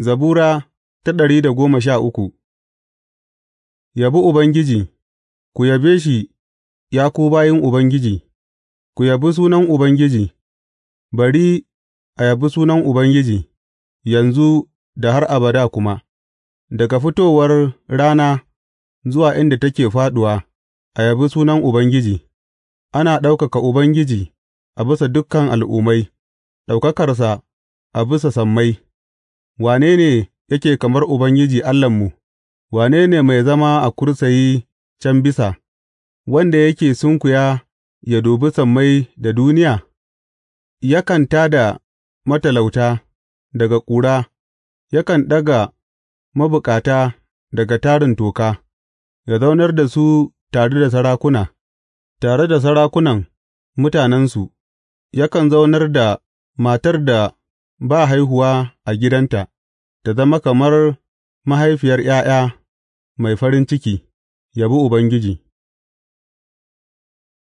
Zabura ta ɗari da goma sha uku Yabi Ubangiji, ku yabe shi, ya ku bayin Ubangiji, ku yabi sunan Ubangiji, bari a yabi sunan Ubangiji, yanzu da har abada kuma, daga fitowar rana zuwa inda take fāɗuwa, a yabi sunan Ubangiji, ana ɗaukaka Ubangiji a bisa dukkan al'ummai, ɗaukakarsa a bisa sammai. Wane ne yake kamar Ubangiji Allahnmu, wane ne mai zama a kursayi can bisa, wanda yake sunkuya ya dubi sammai da duniya, yakan tā da matalauta daga ƙura yakan ɗaga mabukata daga tarin toka, ya zaunar da su tare da sarakuna, tare da sarakunan mutanensu, yakan zaunar da matar da ba haihuwa a gidanta, ta zama kamar mahaifiyar ’ya'ya mai farin ciki, yabi Ubangiji.